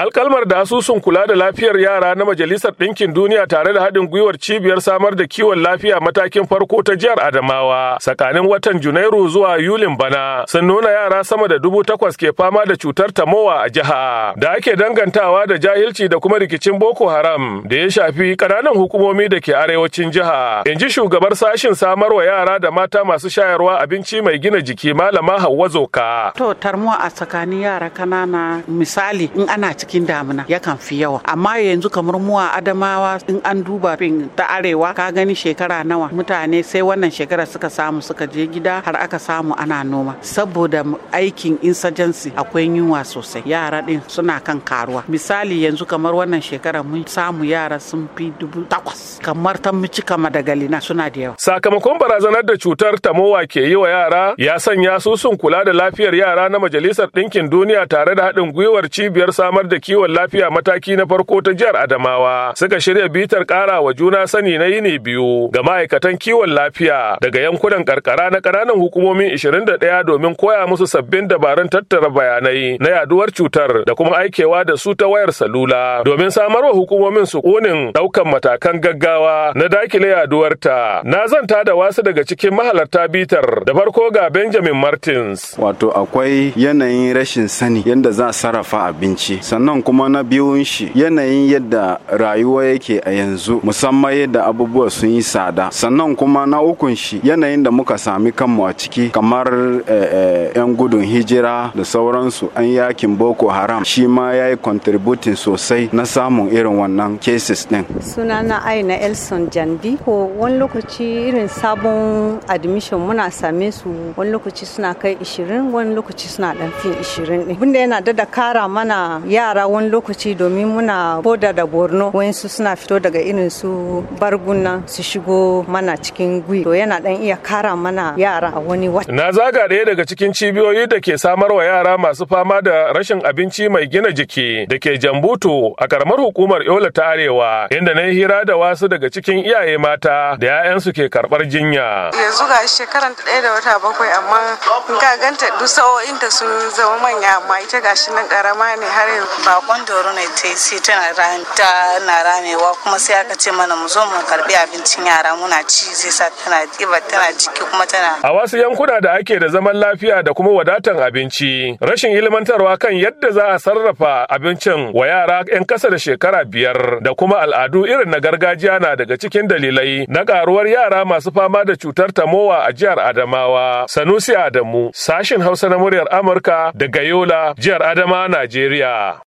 Alkalmar da asusun kula da lafiyar yara na Majalisar Ɗinkin Duniya tare da haɗin gwiwar cibiyar samar da kiwon lafiya matakin farko ta jihar Adamawa tsakanin watan Junairu zuwa Yulin bana sun nuna yara sama da dubu takwas ke fama da cutar tamowa a jiha da ake dangantawa da jahilci da kuma rikicin Boko Haram da ya shafi ƙananan hukumomi da ke arewacin jiha. In ji shugabar sashin samar wa yara da mata masu shayarwa abinci mai gina jiki malama Hauwa Zoka. To tarmuwa a tsakanin yara ƙanana misali in ana cikin damina yakan fi yawa amma yanzu kamar mu a adamawa in an duba fin ta arewa ka gani shekara nawa mutane sai wannan shekara suka samu suka je gida har aka samu ana noma saboda aikin insurgency akwai yunwa sosai yara din suna kan karuwa misali yanzu kamar wannan shekara mun samu yara sun fi dubu takwas kamar ta mici kama da galina suna da yawa sakamakon barazanar da cutar tamowa ke yi wa yara ya sanya su sun kula da lafiyar yara na majalisar ɗinkin duniya tare da haɗin gwiwar cibiyar samar da kiwon lafiya mataki na farko ta jihar Adamawa suka shirya bitar ƙara wa juna sani na yini biyu ga ma'aikatan kiwon lafiya daga yankunan karkara na kananan hukumomin 21 domin koya musu sabbin dabarun tattara bayanai na yaduwar cutar da kuma aikewa da su ta wayar salula domin samarwa hukumomin su ƙunin ɗaukan matakan gaggawa na dakile yaduwarta. Na zanta da wasu daga cikin mahalarta bitar da farko ga Benjamin Martins. Wato akwai yanayin rashin sani yadda za a sarrafa abinci. sannan kuma na biyun shi yanayin yadda rayuwa yake a yanzu musamman yadda abubuwa sun yi tsada sannan kuma na ukun shi yanayin da muka sami kanmu a ciki kamar eh, eh, yan gudun hijira da sauransu an yakin boko haram shi ma ya yi contributing sosai na samun irin wannan cases din sunana aina elson jandi ko wani lokaci irin sabon admission muna same su wani lokaci suna kai 20 wani lokaci suna dan fin 20 din yana da kara mana ya. yara wani lokaci domin muna boda da borno wayansu suna fito daga irin su barguna su shigo mana cikin gwi to yana dan iya kara mana yara a wani wata na zaga daya daga cikin cibiyoyi da ke samar wa yara masu fama da rashin abinci mai gina jiki da ke jambutu a karamar hukumar yola ta arewa inda na yi hira da wasu daga cikin iyaye mata da 'ya'yansu ke karbar jinya yanzu ga shekaran ɗaya da wata bakwai amma ka ganta duk sa'o'in su sun zama manya amma ita gashi nan karama ne har yanzu bakon doro ne ta yi tana rami ta na ramewa kuma sai aka ce mana mu zo mu karbi abincin yara muna ci zai sa tana tana jiki kuma tana a wasu yankuna da ake da zaman lafiya da kuma wadatan abinci rashin ilmantarwa kan yadda za a sarrafa abincin wa yara 'yan kasa da shekara biyar da kuma al'adu irin na gargajiya na daga cikin dalilai na karuwar yara masu fama da cutar tamowa a jihar Adamawa. Sanusi Adamu, sashin Hausa na muryar Amurka daga Yola, jihar Adama, Najeriya.